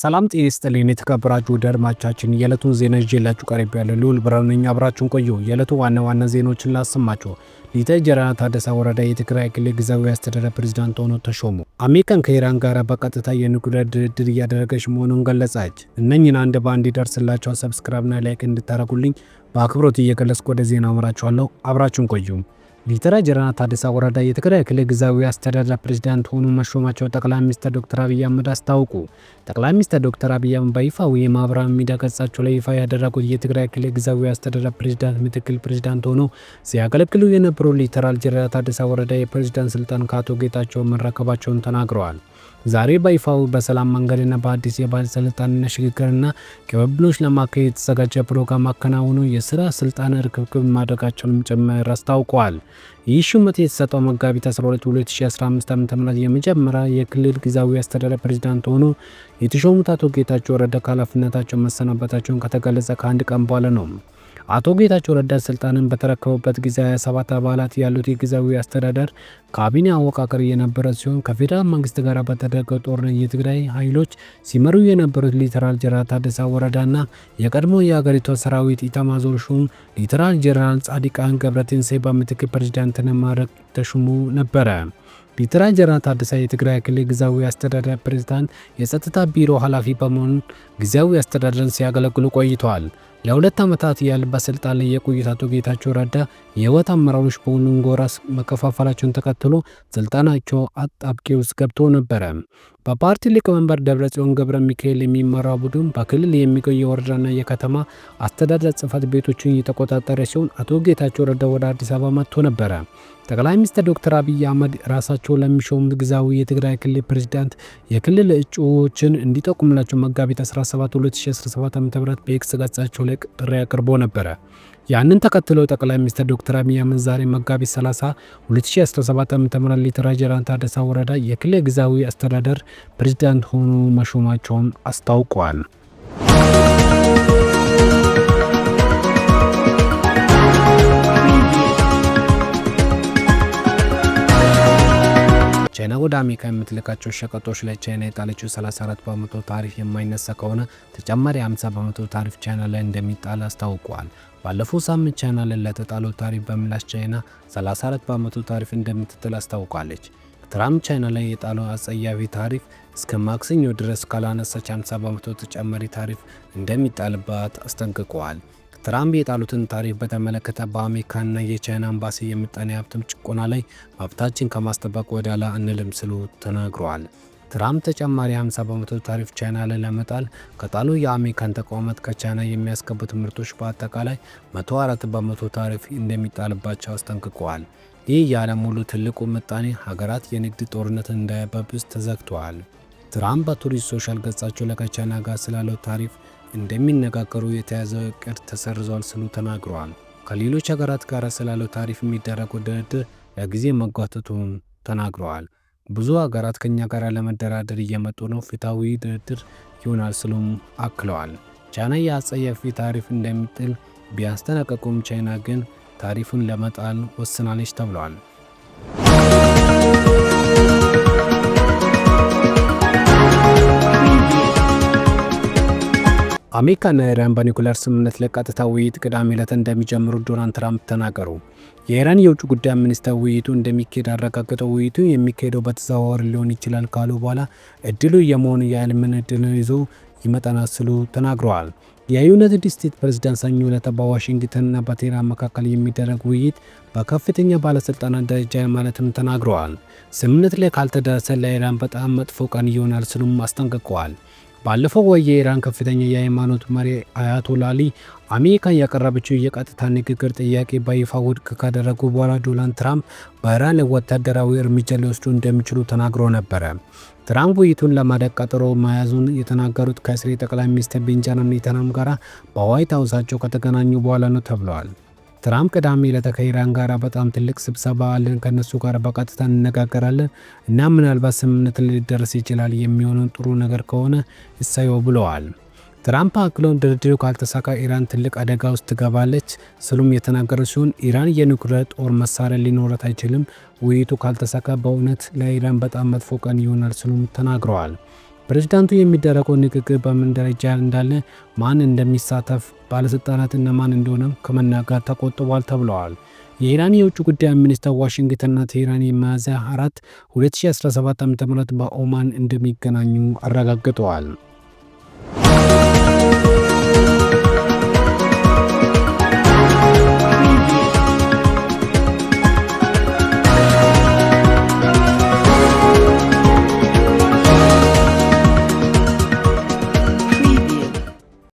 ሰላም ጤና ይስጥልኝ የተከበራችሁ ደርማቻችን አድማቻችን የዕለቱን ዜና ይዤላችሁ ቀርብ ያለ ልዑል ብርሃኑ ነኝ። አብራችሁን ቆዩ። የዕለቱ ዋና ዋና ዜናዎችን ላሰማችሁ። ሌተና ጀነራል ታደሰ ወረደ የትግራይ ክልል ጊዜያዊ አስተዳደር ፕሬዝዳንት ሆኖ ተሾሙ። አሜሪካን ከኢራን ጋር በቀጥታ የኒውክሌር ድርድር እያደረገች መሆኑን ገለጸች። እነኝን አንድ በአንድ ይደርስላቸው ሰብስክራይብና ላይክ እንድታደርጉልኝ በአክብሮት እየገለጽኩ ወደ ዜና አምራችኋለሁ። አብራችሁን ቆዩ። ቪክተር ጀረና ታደሳ ወረዳ የትግራይ ክልል ጊዜያዊ አስተዳደር ፕሬዝዳንት ሆኑ መሾማቸው ጠቅላይ ሚኒስትር ዶክተር አብይ አህመድ አስታወቁ። ጠቅላይ ሚኒስትር ዶክተር አብይ አህመድ በይፋዊ የማህበራዊ ሚዲያ ገጻቸው ላይ ይፋ ያደረጉት የትግራይ ክልል ጊዜያዊ አስተዳደር ፕሬዝዳንት ምክትል ፕሬዝዳንት ሆኖ ሲያገለግሉ የነበሩ ሌተናል ጀነራል ታደሳ ወረዳ የፕሬዝዳንት ስልጣን ከአቶ ጌታቸው መረከባቸውን ተናግረዋል። ዛሬ በይፋው በሰላም መንገድና በአዲስ ሽግግር ሽግግርና ቅብብሎች ለማካሄድ የተዘጋጀ ፕሮግራም አከናውኑ የስራ ስልጣን ርክብክብ ማድረጋቸውንም ጭምር አስታውቋል። ይህ ሹመት የተሰጠው መጋቢት 12 2015 ዓ.ም የመጀመሪያ የክልል ጊዜያዊ አስተዳደር ፕሬዚዳንት ሆኖ የተሾሙት አቶ ጌታቸው ረዳ ከኃላፊነታቸው መሰናበታቸውን ከተገለጸ ከአንድ ቀን በኋላ ነው። አቶ ጌታቸው ረዳ ስልጣንን በተረከቡበት ጊዜ 27 አባላት ያሉት የጊዜያዊ አስተዳደር ካቢኔ አወቃቀር የነበረ ሲሆን ከፌዴራል መንግስት ጋር በተደረገው ጦርነት የትግራይ ኃይሎች ሲመሩ የነበሩት ሌተናል ጄኔራል ታደሰ ወረዳና የቀድሞ የሀገሪቷ ሰራዊት ኢታማዦር ሹም ሌተናል ጀነራል ጻድቃን ገብረትንሳኤ በምትክ ፕሬዚዳንትነት ማዕረግ ተሹሞ ነበረ። ሌተናንት ጀነራል ታደሰ የትግራይ ክልል ጊዜያዊ አስተዳደር ፕሬዝዳንት፣ የጸጥታ ቢሮ ኃላፊ በመሆን ጊዜያዊ አስተዳደርን ሲያገለግሉ ቆይተዋል። ለሁለት ዓመታት ያህል በስልጣን ላይ የቆዩት አቶ ጌታቸው ረዳ የህወሓት አመራሮች በሁሉም ጎራ መከፋፈላቸውን ተከትሎ ስልጣናቸው አጣብቂኝ ውስጥ ገብቶ ነበረ። በፓርቲ ሊቀመንበር ደብረጽዮን ገብረ ሚካኤል የሚመራው ቡድን በክልል የሚገኙ የወረዳና የከተማ አስተዳደር ጽህፈት ቤቶችን እየተቆጣጠረ ሲሆን አቶ ጌታቸው ረዳ ወደ አዲስ አበባ መጥቶ ነበረ። ጠቅላይ ሚኒስትር ዶክተር አብይ አህመድ ራሳቸው ለሚሾሙት ግዛዊ የትግራይ ክልል ፕሬዚዳንት የክልል እጩዎችን እንዲጠቁምላቸው መጋቢት 17 2017 ዓ ም በኤክስ ገጻቸው ላይ ጥሪ አቅርቦ ነበረ። ያንን ተከትሎ ጠቅላይ ሚኒስትር ዶክተር አብይ አህመድ ዛሬ መጋቢት 30 2017 ዓ.ም ሊተራጀ ላንታ ደሳ ወረዳ የክልል ግዛዊ አስተዳደር ፕሬዝዳንት ሆኖ መሾማቸውን አስታውቋል። ወደ አሜሪካ የምትልካቸው ሸቀጦች ላይ ቻይና የጣለችው 34 በመቶ ታሪፍ የማይነሳ ከሆነ ተጨማሪ 50 በመቶ ታሪፍ ቻይና ላይ እንደሚጣል አስታውቋል። ባለፈው ሳምንት ቻይና ላይ ለተጣለው ታሪፍ በምላሽ ቻይና 34 በመቶ ታሪፍ እንደምትጥል አስታውቃለች። ትራምፕ ቻይና ላይ የጣለው አጸያፊ ታሪፍ እስከ ማክሰኞ ድረስ ካላነሳች 50 በመቶ ተጨማሪ ታሪፍ እንደሚጣልባት አስጠንቅቀዋል። ትራምፕ የጣሉትን ታሪፍ በተመለከተ በአሜሪካና የቻይና አምባሲ የምጣኔ ሀብትም ጭቆና ላይ መብታችን ከማስጠበቅ ወዳላ እንልም ስሉ ተናግረዋል። ትራምፕ ተጨማሪ 50 በመቶ ታሪፍ ቻይና ላይ ለመጣል ከጣሉ የአሜሪካን ተቋማት ከቻይና የሚያስገቡት ምርቶች በአጠቃላይ 104 በመቶ ታሪፍ እንደሚጣልባቸው አስጠንቅቀዋል። ይህ የዓለም ሙሉ ትልቁ ምጣኔ ሀገራት የንግድ ጦርነትን እንዳያባብስ ተዘግተዋል። ትራምፕ በቱሪስት ሶሻል ገጻቸው ላይ ከቻይና ጋር ስላለው ታሪፍ እንደሚነጋገሩ የተያዘው እቅድ ተሰርዟል ስሉ ተናግረዋል። ከሌሎች ሀገራት ጋር ስላለው ታሪፍ የሚደረገው ድርድር ለጊዜ መጓተቱን ተናግረዋል። ብዙ ሀገራት ከኛ ጋር ለመደራደር እየመጡ ነው፣ ፊታዊ ድርድር ይሆናል ስሉም አክለዋል። ቻይና የአጸያፊ ታሪፍ እንደሚጥል ቢያስጠነቀቁም ቻይና ግን ታሪፉን ለመጣል ወስናለች ተብለዋል። አሜሪካና ኢራን በኒኩሌር ስምምነት ላይ ቀጥታ ውይይት ቅዳሜ ዕለት እንደሚጀምሩ ዶናልድ ትራምፕ ተናገሩ። የኢራን የውጭ ጉዳይ ሚኒስትር ውይይቱ እንደሚካሄድ አረጋግጠው ውይይቱ የሚካሄደው በተዘዋዋሪ ሊሆን ይችላል ካሉ በኋላ እድሉ የመሆኑ የዓለምን እድል ይዞ ይመጣናል ሲሉ ተናግረዋል። የዩናይትድ ስቴትስ ፕሬዚዳንት ሰኞ ዕለት በዋሽንግተንና በቴህራን መካከል የሚደረግ ውይይት በከፍተኛ ባለስልጣናት ደረጃ ማለትም ተናግረዋል። ስምምነት ላይ ካልተደረሰ ለኢራን በጣም መጥፎ ቀን ይሆናል ሲሉም አስጠንቅቀዋል። ባለፈው ወር የኢራን ከፍተኛ የሃይማኖት መሪ አያቶላ አሊ አሜሪካ ያቀረበችው የቀጥታ ንግግር ጥያቄ በይፋ ውድቅ ካደረጉ በኋላ ዶናልድ ትራምፕ በኢራን ወታደራዊ እርምጃ ሊወስዱ እንደሚችሉ ተናግሮ ነበረ። ትራምፕ ውይይቱን ለማደግ ቀጠሮ መያዙን የተናገሩት ከእስራኤል ጠቅላይ ሚኒስትር ቤንጃሚን ኔታንያሁ ጋር በዋይት ሀውሳቸው ከተገናኙ በኋላ ነው ተብለዋል። ትራምፕ ቅዳሜ ዕለት ከኢራን ጋር በጣም ትልቅ ስብሰባ አለን፣ ከነሱ ጋር በቀጥታ እንነጋገራለን እና ምናልባት ስምምነት ሊደረስ ይችላል፣ የሚሆነው ጥሩ ነገር ከሆነ እሰየው ብለዋል። ትራምፕ አክሎን ድርድሩ ካልተሳካ ኢራን ትልቅ አደጋ ውስጥ ትገባለች ስሉም የተናገረ ሲሆን ኢራን የኒውክሌር ጦር መሳሪያ ሊኖረት አይችልም፣ ውይይቱ ካልተሳካ በእውነት ለኢራን በጣም መጥፎ ቀን ይሆናል ስሉም ተናግረዋል። ፕሬዚዳንቱ የሚደረገው ንግግር በምን ደረጃ እንዳለ፣ ማን እንደሚሳተፍ ባለስልጣናትና ማን እንደሆነ ከመናገር ተቆጥቧል ተብለዋል። የኢራን የውጭ ጉዳይ ሚኒስትር ዋሽንግተንና ቴህራን የሚያዝያ 4 2017 ም በኦማን እንደሚገናኙ አረጋግጠዋል።